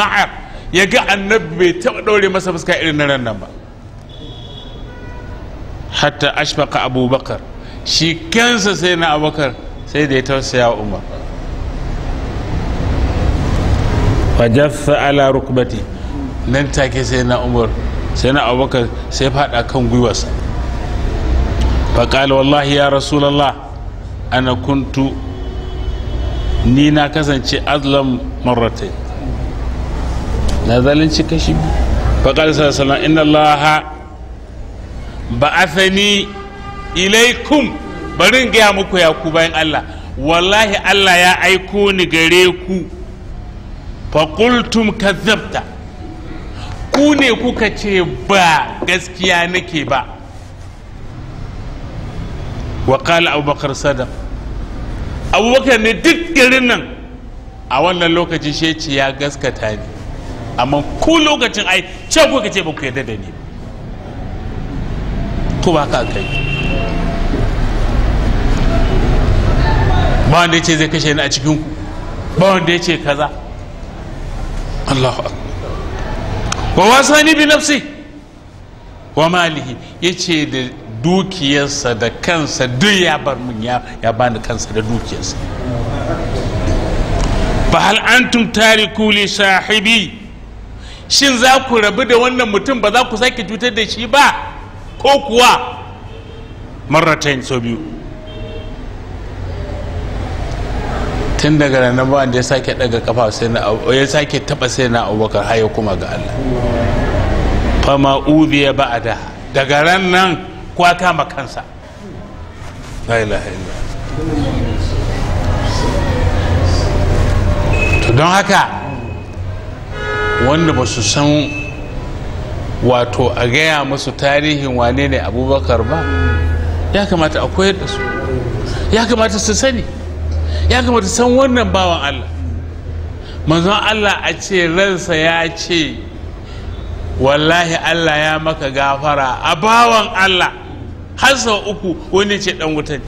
ma'ar ya ga annabi bai taɓa ɗaure masa fuska irin na ran nan ba hatta ashfaqa abubakar shi kansa sai na abubakar sai da ya tausaya wa umar fajaffa ala rukbati nan take sai na umar sai na abubakar sai faɗa kan gwiwarsa faƙala wallahi ya rasulallah ana kuntu ni na kasance azlam marratai na zalunci kashi faƙar sassanan inda laha ba a ilaikum ilaikun barin gaya muku ya ku bayan allah wallahi allah ya aiko ni gare ku faƙultum kazzabta ku ne kuka ce ba gaskiya nake ba Waƙala abubakar sadar abubakar ne duk garin nan a wannan lokacin shi ya gaskata ne amma ku lokacin ai ce kuka ce ba ku yarda da ni to ba ka kai ba wanda ya ce zai kashe ni a cikin ku ba wanda ya ce kaza Allahu wa wasani bi nafsi wa malihi yace da dukiyarsa da kansa duk ya bar min ya bani kansa da dukiyarsa fa hal antum tariku li sahibi shin za ku rabu da wannan mutum ba za ku sake cutar da shi ba ko kuwa marratain so biyu tun daga ranar ba da ya sake daga kafa sai na ya sake taba sai na abubakar har kuma ga Allah fama ubiya da. daga ran nan kwa kama kansa la ilaha illa to don haka wanda ba su san wato a gaya musu tarihin wane ne abubakar ba ya kamata a koyar da su ya kamata su sani ya kamata san wannan bawan allah manzon allah a ce ransa ya ce wallahi allah ya maka gafara a bawan allah har sau uku wani ce dan wuta ne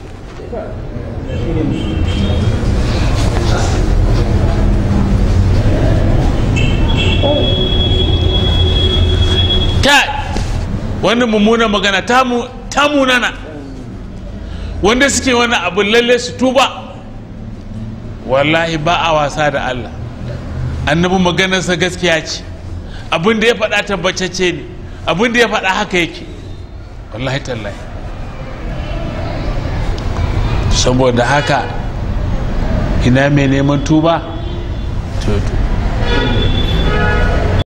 ta wannan mummunan magana ta munana wanda suke wani abu lalle su tuba wallahi ba a wasa da Allah annabi maganarsa gaskiya ce abin da ya faɗa tabbacacce ne abin da ya faɗa haka yake wallahi tallahi saboda haka ina mai neman tuba to